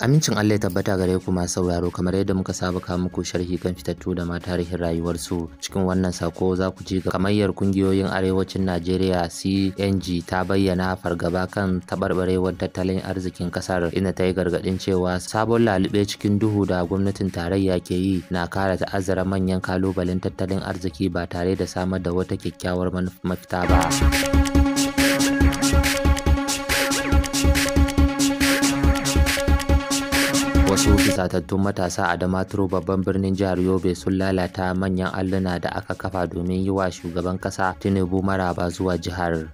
Amincin Allah ya tabbata gare ku masu sauraro kamar yadda muka saba ka muku sharhi kan fitattu da ma tarihin rayuwarsu cikin wannan sako za ku ji kamayyar kungiyoyin arewacin Najeriya CNG ta bayyana fargaba kan tabarbarewar tattalin arzikin kasar inda ta yi gargadin cewa sabon lalube cikin duhu da gwamnatin tarayya ke yi na kara ta'azzara manyan kalubalen tattalin arziki ba tare da samar da wata kyakkyawar mafita ba. wasu fusatattun matasa a damaturu babban birnin jihar yobe sun lalata manyan alluna da aka kafa domin yi wa shugaban kasa tinubu maraba zuwa jihar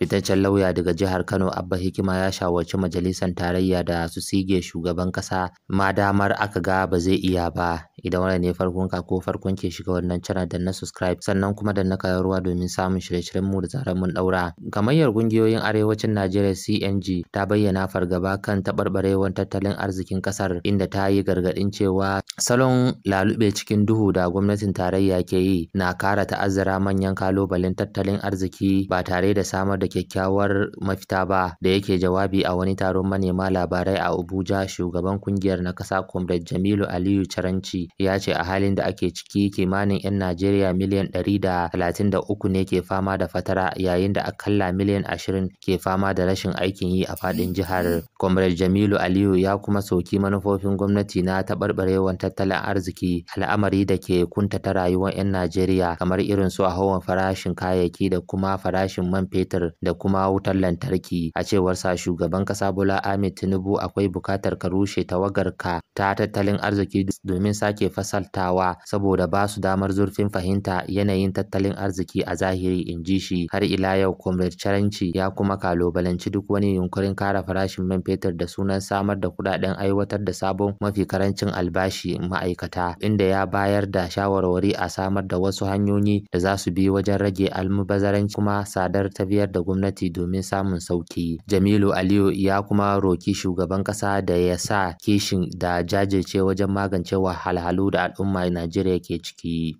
fitaccen lauya daga jihar Kano Abba Hikima ya shawarci majalisar tarayya da su sige shugaban kasa ma damar aka ga ba zai iya ba Idan wannan ne farkon ka ko farkon ke shiga wannan channel da na subscribe sannan kuma da na ruwa domin samun shirye-shiryen mu da zaran mun daura. Gamayyar ƙungiyoyin arewacin Najeriya CNG ta bayyana fargaba kan taɓarɓarewar tattalin arzikin ƙasar inda ta yi gargadin cewa salon lalube cikin duhu da gwamnatin tarayya ke yi na kara ta'azzara manyan kalobalin tattalin arziki ba tare da samar da kyakkyawar mafita ba da yake jawabi a wani taron manema labarai a Abuja shugaban kungiyar na kasa Comrade Jamilu Aliyu Caranci ya ce a halin da ake ciki kimanin 'yan Najeriya miliyan 133 ne ke fama da fatara yayin da akalla miliyan 20 ke fama da rashin aikin yi a fadin jihar. Comrade Jamilu Aliyu ya kuma soki manufofin gwamnati na taɓarɓarewar tattalin arziki al'amari da ke kuntata rayuwar 'yan Najeriya kamar irin su a hawan farashin kayayyaki da kuma farashin man fetur da kuma wutar lantarki. A cewar sa shugaban ƙasa Bola Ahmed Tinubu akwai bukatar ka rushe tawagar ka ta tattalin arziki domin sake ake fasaltawa saboda ba su damar zurfin fahimta yanayin tattalin arziki a zahiri in ji shi har ila yau comrade charanci ya kuma kalubalanci duk wani yunkurin kara farashin man fetur da sunan samar da kuɗaɗen aiwatar da sabon mafi karancin albashi ma'aikata inda ya bayar da shawarwari a samar da wasu hanyoyi da za su bi wajen rage almubazaranci kuma sadar ta biyar da gwamnati domin samun sauki jamilu aliyu ya kuma roki shugaban ƙasa da ya sa kishin da jajirce wajen magance wahala. wahalhalu da al'umma Najeriya ke ciki.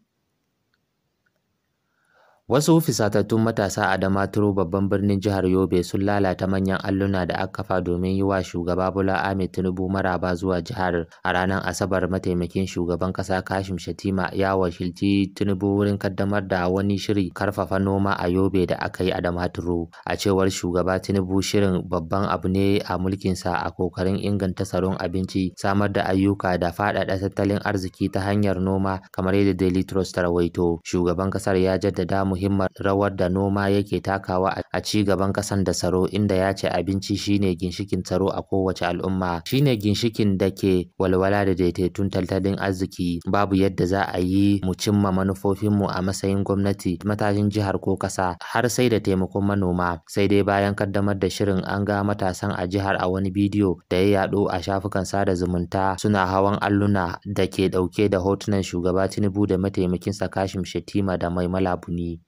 Wasu fisatattun matasa a Damaturu babban birnin jihar Yobe sun lalata manyan alluna da aka kafa domin yi wa shugaba Bola Ahmed Tinubu maraba zuwa jihar. A ranar Asabar mataimakin shugaban kasa Kashim Shatima ya wakilci Tinubu wurin kaddamar da wani shiri karfafa noma a Yobe da aka yi a Damaturu. A cewar shugaba Tinubu shirin babban abu ne a mulkinsa a kokarin inganta tsaron abinci, samar da ayyuka da faɗaɗa tattalin arziki ta hanyar noma kamar yadda Daily Trust ta rawaito. Shugaban kasar ya jaddada mu muhimmar rawar da noma yake takawa a ci gaban ƙasan da tsaro inda ya ce abinci shine ginshikin tsaro a kowace al'umma shine ginshikin da ke walwala da daidaitun tattalin arziki babu yadda za a yi mu cimma manufofinmu a matsayin gwamnati matashin jihar ko ƙasa har sai da taimakon manoma sai dai bayan kaddamar da shirin an ga matasan a jihar a wani bidiyo da ya yaɗo a shafukan sada zumunta suna hawan alluna da ke ɗauke da hotunan shugaba Tinubu da mataimakinsa Kashim Shettima da Mai Malabuni.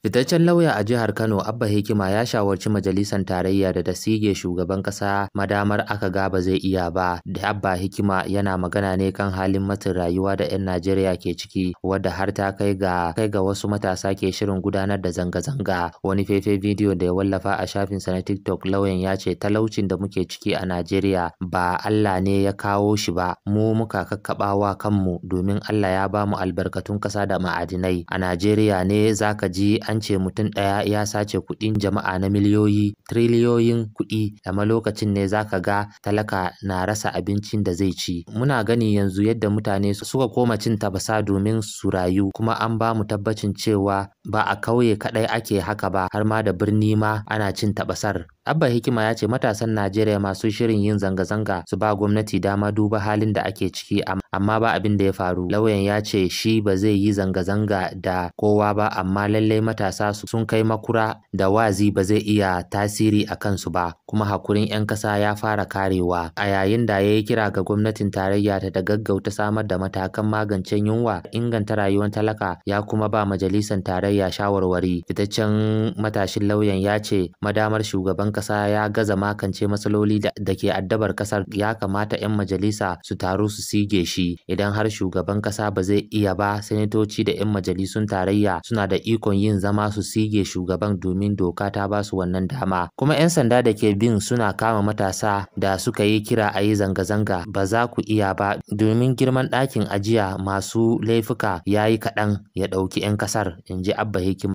Fitaccen lauya a jihar Kano Abba Hikima ya shawarci majalisar tarayya da ta sige shugaban ƙasa, madamar aka ga ba zai iya ba. Da Abba Hikima yana magana ne kan halin matin rayuwa da 'yan Najeriya ke ciki wadda har ta kai ga kai ga wasu matasa ke shirin gudanar da zanga-zanga. Wani fefe bidiyo da ya wallafa a shafin sa na TikTok lauyan ya ce talaucin da muke ciki a Najeriya ba Allah ne ya kawo shi ba mu muka kakkabawa kanmu domin Allah ya bamu albarkatun ƙasa da ma'adinai. A Najeriya ne zaka ji an ce mutum ɗaya ya sace kuɗin jama'a na miliyoyi triliyoyin kuɗi amma lokacin ne zaka ga talaka na rasa abincin da zai ci muna gani yanzu yadda mutane suka koma cin tabasa domin su rayu kuma an ba mu tabbacin cewa ba a kauye kaɗai ake haka ba har ma da birni ma ana cin tabasar Abba Hikima ya ce matasan Najeriya masu shirin yin zanga-zanga su ba gwamnati dama duba halin da ake ciki amma ba abin da ya faru. Lauyan ya ce shi ba zai yi zanga-zanga da kowa ba amma lallai matasa sun kai makura da wazi ba zai iya tasiri a kansu ba kuma hakurin 'yan kasa ya fara karewa. A yayin da ya yi kira ga gwamnatin tarayya ta da gaggauta samar da matakan magance yunwa inganta rayuwar talaka ya kuma ba majalisar tarayya shawarwari. Fitaccen matashin lauyan ya ce madamar shugaban ƙasa ya gaza makance matsaloli da ke addabar ƙasar ya kamata 'yan majalisa su taru su sige shi idan har shugaban ƙasa ba zai iya ba sanatoci da 'yan majalisun tarayya suna da ikon yin zama su sige shugaban domin doka ta ba su wannan dama kuma 'yan sanda da ke bin suna kama matasa da suka yi kira a yi zanga-zanga ba za ku iya ba domin girman ɗakin ajiya masu laifuka ya yi kaɗan ya ɗauki 'yan ƙasar in ji abba hikima.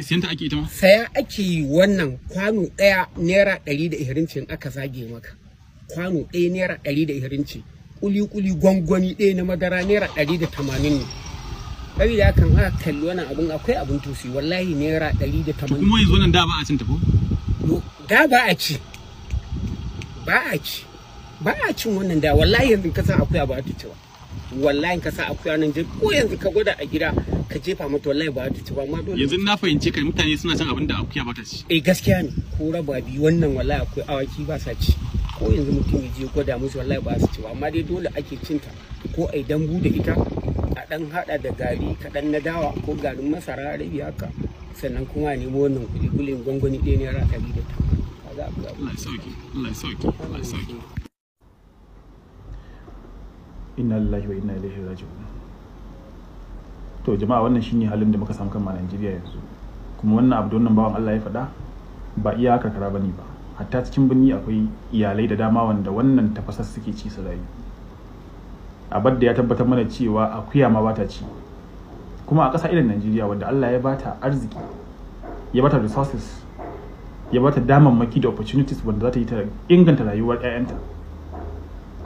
sayan Saya ake wannan kwano ɗaya naira ɗari da ihirinci aka zage maka kwano ɗaya naira ɗari da ihirinci kuli-kuli gwangwani ɗaya na madara naira ɗari da tamanin ne Ɗari ya kan aka kalli wannan abin akwai abin tusi wallahi naira ɗari da tamanin kuma yanzu nan da ba a cin tafi da ba a ci ba a ci ba a cin wannan da wallahi yanzu kasan akwai abu a ci ba wallahi ka sa akuya nan je ko yanzu ka gwada a gida ka jefa mata wallahi ba ta ci ba amma dole yanzu na fahimci kai mutane suna cin abin da akuya ba ta ci eh gaskiya ne ko raba bi wannan wallahi akwai awaki ba sa ci ko yanzu mutum ya je gwada musu wallahi ba su ci ba amma dai dole ake cinta ko ai dambu da ita a dan hada da gari kaɗan na dawa ko garin masara rabi haka sannan kuma a nemo wannan kuɗi kulin gwangwani ɗaya naira ɗari da ta. Allah ya sauke, Allah ya sauke, Allah ya sauke. inna lillahi wa inna ilaihi raji'un to jama'a wannan shine halin da muka samu kama Najeriya yanzu kuma wannan abu wannan bawan Allah ya faɗa ba iya haka bane ba hatta cikin birni akwai iyalai da dama wanda wannan tafasas suke ci su rayu abadda ya tabbatar mana cewa akuya ma bata ci kuma a ƙasa irin Najeriya wanda Allah ya bata arziki ya bata resources ya bata damammaki da opportunities wanda za ta yi ta inganta rayuwar 'ya'yanta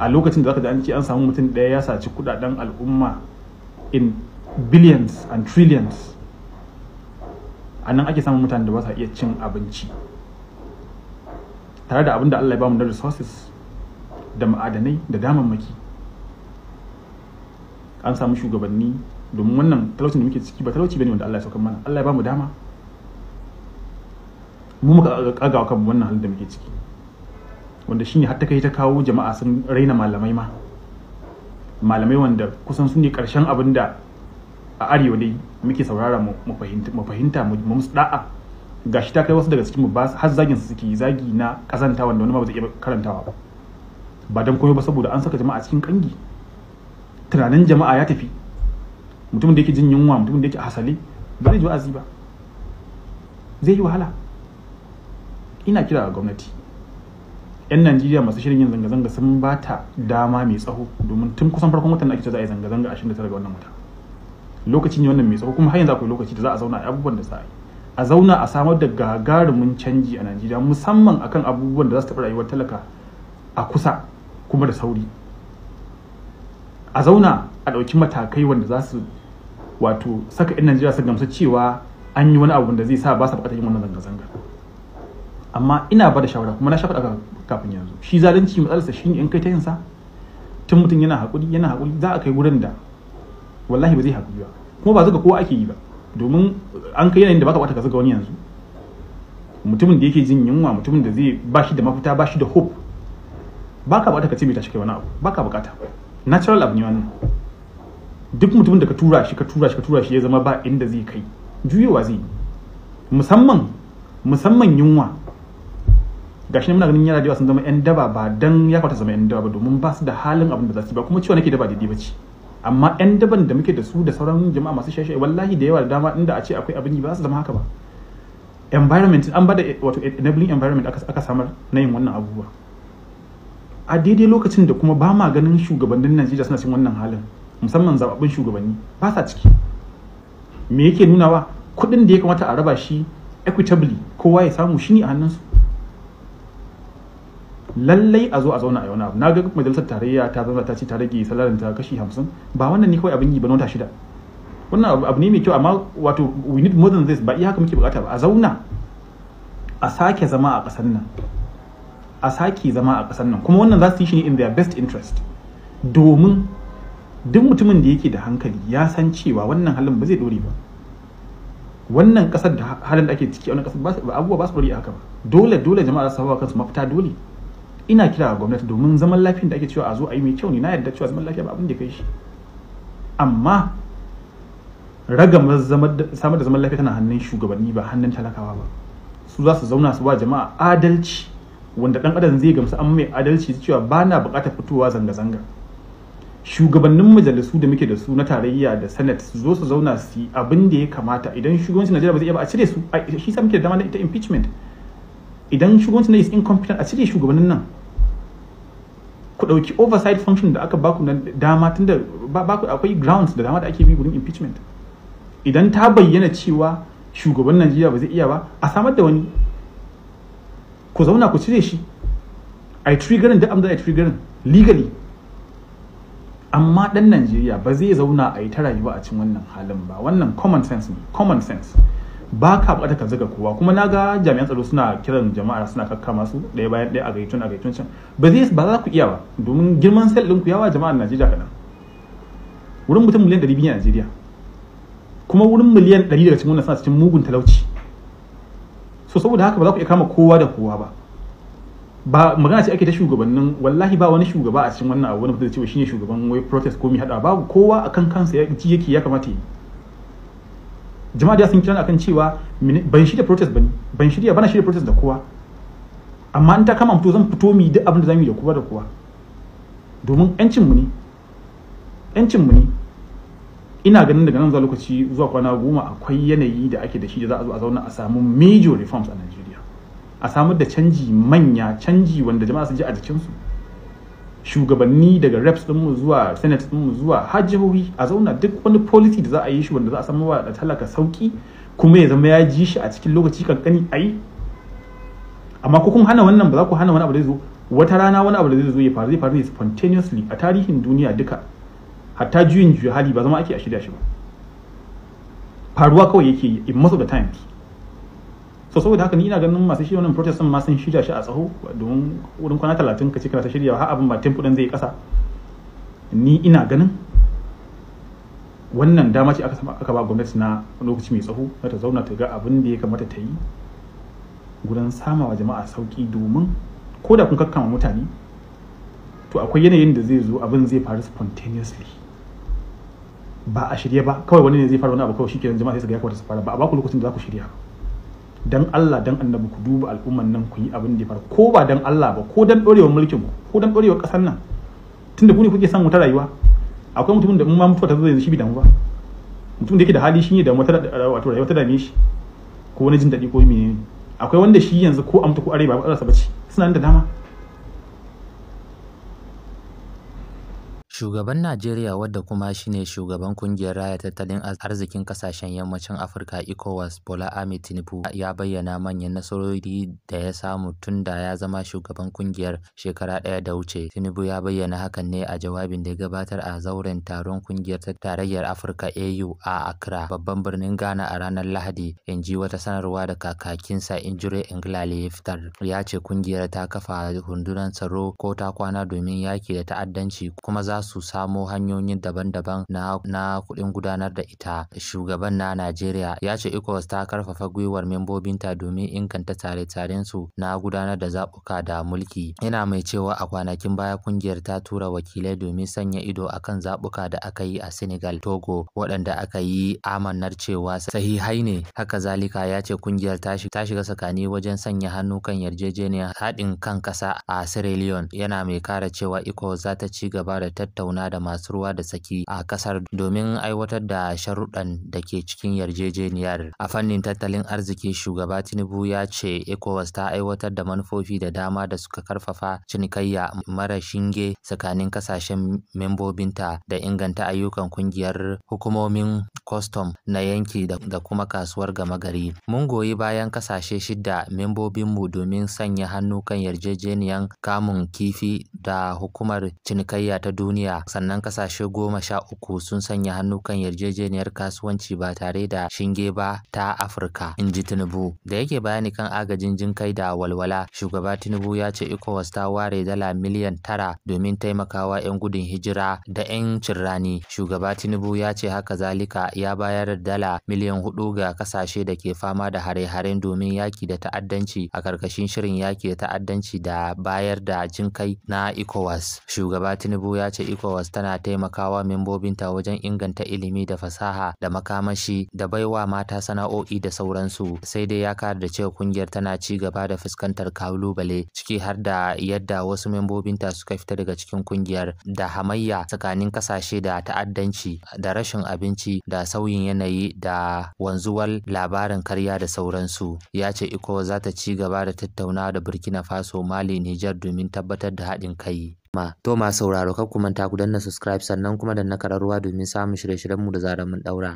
a lokacin da zaka ji an ce an samu mutum ɗaya ya saci kudaden al'umma in billions and trillions a nan ake samun mutane da ba sa iya cin abinci tare da abin da Allah ya bamu na resources da ma'adanai da damammaki an samu shugabanni domin wannan talaucin da muke ciki ba talauci bane wanda Allah ya saukar mana Allah ya bamu dama mu muka kagawa kan wannan halin da muke ciki wanda shine har ta kai ta kawo jama'a sun raina malamai ma malamai wanda kusan su ne karshen abin da a arewa dai muke saurara mu fahimta mu musu da'a gashi ta kai wasu daga cikin mu ba har zagin su suke zagi na kazanta wanda wani ma ba zai iya karantawa ba ba dan koyo ba saboda an saka jama'a cikin kangi tunanin jama'a ya tafi mutumin da yake jin yunwa mutumin da yake hasali ba zai ji wa'azi ba zai yi wahala ina kira ga gwamnati 'yan najeriya masu shirin yin zanga-zanga sun ba ta dama mai tsaho domin tun kusan farkon watan da ake za a yi zanga-zanga 29 ga wannan wata lokaci ne wannan mai tsaho kuma har yanzu akwai lokaci da za a zauna a abubuwan da za a yi a zauna a samar da gagarumin canji a najeriya musamman akan abubuwan da za su taɓa rayuwar talaka a kusa kuma da sauri a zauna a ɗauki matakai wanda za su wato saka 'yan najeriya su gamsu cewa an yi wani abu da zai sa ba sa buƙatar yin wannan zanga-zanga amma ina ba da shawara kuma na sha faɗa kafin yanzu shi zalunci matsalarsa ne in kai ta yin sa tun mutum yana haƙuri yana haƙuri za a kai wurin da wallahi ba zai haƙuri ba kuma ba zuga kowa ake yi ba domin an kai yanayin da baka bata ka zuga wani yanzu mutumin da yake jin yunwa mutumin da zai ba shi da mafita ba shi da hope baka bata ka ce bai tashi kai wani abu baka bukata natural abu ne wannan duk mutumin da ka tura shi ka tura shi ka tura shi ya zama ba inda zai kai juyewa zai musamman musamman yunwa gashi muna ganin yara da yawa sun zama yan daba ba dan ya kwata zama yan daba ba domin ba su da halin abin da za su ba kuma cewa nake daba daidai ce amma yan daban da muke da su da sauran jama'a masu shashai wallahi da yawa da dama inda a ce akwai abin yi ba su zama haka ba environment an bada eh, wato enabling environment aka samar na yin wannan abubuwa a daidai lokacin da kuma ba ma ganin shugabannin Najeriya suna cikin wannan halin musamman zababbin shugabanni ba sa ciki me yake nunawa kuɗin da ya kamata a raba shi equitably kowa ya samu shi ne a hannunsu lallai a zo a zauna a yau abu na ga majalisar tarayya ta zama ta ce ta rage salarin ta kashi hamsin ba wannan ne kawai abin yi ba nota shida wannan abu ne mai kyau amma wato we need more than this ba iya haka muke bukata ba a zauna a sake zama a kasan nan a sake zama a kasan nan kuma wannan za su yi shi ne in their best interest domin duk mutumin da yake da hankali ya san cewa wannan halin ba zai dore ba wannan kasar da halin da ake ciki a wannan ba abubuwa ba su bari haka ba dole dole jama'a za su hawa kansu mafita dole ina kira ga gwamnati domin zaman lafiyan da ake cewa a zo a yi mai kyau ne na yarda cewa zaman lafiya ba abin da kai shi amma ragamar samar da zaman lafiya tana hannun shugabanni ba hannun talakawa ba su za su zauna su ba jama'a adalci wanda dan adam zai gamsu an mai adalci cewa ba na bukatar fitowa zanga-zanga shugabannin majalisu da muke da su na tarayya da senate su zo su zauna su yi abin da ya kamata idan shugabancin najeriya ba zai iya ba a cire su shi sa muke da dama na ita impeachment idan shugabancin najeriya is incompetent a cire shugabannin nan ku ɗauki oversight function da aka baku na dama tun da akwai grounds da dama da ake bi gurin impeachment idan ta bayyana cewa shugaban Najeriya ba zai iya ba a samar da wani ku zauna ku cire shi ai triggerin da amda ai triggerin legally amma dan Najeriya ba zai zauna a yi ta rayuwa a cikin wannan halin ba wannan common sense ne common sense ba ka bukata ka zaga kowa kuma na ga jami'an tsaro suna kiran jama'a suna kakkama su ɗaya bayan ɗaya a gaitun a gaitun can ba zai ba za ku iya ba domin girman sel ɗinku ku yawa jama'ar Najeriya kaɗan wurin mutum miliyan ɗari biyu a Najeriya kuma wurin miliyan ɗari daga cikin wannan suna cikin mugun talauci so saboda haka ba za ku iya kama kowa da kowa ba ba magana ce ake ta shugabannin wallahi ba wani shugaba a cikin wannan abu wani mutum da cewa shine shugaban wai protest ko mi hada babu kowa akan kansa ya ji yake ya kamata yi jama'a da sun kira akan cewa ban shirya protest bane ban shirya bana shirya protest da kowa amma in ta kama mutu zan fito mi duk abin da zamu yi da kowa da kowa domin yancin mu ne yancin mu ne ina ganin daga nan zuwa lokaci zuwa kwana goma akwai yanayi da ake da shi da za a zo a zauna a samu major reforms a Najeriya a samar da canji manya canji wanda jama'a su ji a jikinsu shugabanni daga reps mu zuwa senate mu zuwa har a zauna duk wani policy da za a yi shi wanda za a samu wa da talaka sauki kuma ya zama ya ji shi a cikin lokaci kankani a yi amma ko kun hana wannan ba za ku hana wani abu da zo wata rana wani abu da zai zo ya faru zai faru spontaneously a tarihin duniya duka hatta juyin juya hali ba zama ake a shirya shi ba faruwa kawai yake in most of the times so saboda haka ni ina ganin masu shi wannan protest ma sun shirya shi a tsaho domin wurin kwana talatin ka ce kana ta shirya har abin ba tempo ɗin zai kasa ni ina ganin wannan dama ce aka ba gwamnati na lokaci mai tsaho na ta zauna ta ga abin da ya kamata ta yi gudan samawa jama'a sauki domin ko da kun kakkama mutane to akwai yanayin da zai zo abin zai faru spontaneously ba a shirye ba kawai wani ne zai fara wani abu kawai shi shikenan jama'a sai su ga ya kamata su fara ba a ba ku lokacin da za ku shirya ba dan Allah dan annabi ku duba al'umman nan ku yi abin da fara ko ba dan Allah ba ko dan dorewar mulkin ku ko dan dorewar kasar nan tunda ku ne kuke san wata rayuwa akwai mutumin da in ma mutuwa ta zo yanzu shi bi damu ba mutum da yake da hali shi ne da wata wato rayuwa ta dame shi ko wani jin daɗi ko menene akwai wanda shi yanzu ko amta ko arewa ba ba ba ce suna da dama Shugaban Najeriya wadda kuma shine shugaban Ƙungiyar Raya Tattalin Arzikin Ƙasashen Yammacin Afirka (ECOWAS) Bola Ahmed Tinubu ya bayyana manyan nasarori da ya samu tun da ya zama shugaban ƙungiyar shekara ɗaya da wuce. Tinubu ya bayyana hakan ne a jawabin da ya gabatar a zauren taron kungiyar Tarayyar Afirka (AU) a Accra, babban birnin Ghana a ranar Lahadi, in ji wata sanarwa da kakakinsa Injure Ngelale ya fitar. Ya ce kungiyar ta kafa rundunar tsaro ko ta kwana domin yaki da ta'addanci kuma za su su samo hanyoyin daban-daban na, na kuɗin gudanar da ita. Shugaban na Najeriya ya ce ECOWAS ta karfafa gwiwar membobinta domin inganta tare-taren su na gudanar da zaɓuka da mulki. Yana mai cewa a kwanakin baya kungiyar ta tura wakilai domin sanya ido akan zaɓuka da aka yi a Senegal, Togo waɗanda aka yi amannar cewa sahihai ne. Haka zalika ya ce kungiyar ta shiga tsakani wajen sanya hannu kan yarjejeniyar haɗin kan ƙasa a Sierra Leone yana mai kara cewa ECOWAS za ta ci gaba da tattauna tattauna da masu ruwa da saki a kasar domin aiwatar da sharuɗan da ke cikin yarjejeniyar. A fannin tattalin arziki shugaba Tinubu ya ce ECOWAS ta aiwatar da manufofi da dama da suka karfafa cinikayya mara shinge tsakanin kasashen membobinta da inganta ayyukan kungiyar hukumomin kwastam na yanki da kuma kasuwar gama gari. Mun goyi bayan kasashe shidda membobinmu domin sanya hannu kan yarjejeniyan kamun kifi da hukumar cinikayya ta duniya duniya sannan kasashe goma sha uku sun sanya hannu kan yarjejeniyar kasuwanci ba tare da shinge ba ta afirka in ji tinubu da yake bayani kan agajin jin kai da walwala shugaba tinubu ya ce ecowas ta ware dala miliyan tara domin taimakawa 'yan gudun hijira da 'yan cirrani shugaba tinubu ya ce haka zalika ya bayar da dala miliyan hudu ga kasashe da ke fama da hare-haren domin yaki da ta'addanci a karkashin shirin yaki da ta'addanci da bayar da jinkai na ecowas shugaba tinubu ya ce ECOWAS tana taimakawa membobinta wajen inganta ilimi da fasaha da makamashi da baiwa mata sana'o'i da sauransu. Sai dai ya kara da cewa kungiyar tana ci gaba da fuskantar kalubale ciki har da yadda wasu membobinta suka fita daga cikin kungiyar da hamayya tsakanin kasashe da ta'addanci da rashin abinci da sauyin yanayi da wanzuwar labarin karya da sauransu. Ya ce ECOWAS za ta ci gaba da tattaunawa da Burkina Faso, Mali, Nijar domin tabbatar da haɗin kai. To ma sauraro kar ku manta ku danna subscribe sannan kuma danna kararruwa domin samun shirye-shiryenmu da zarar mun ɗaura.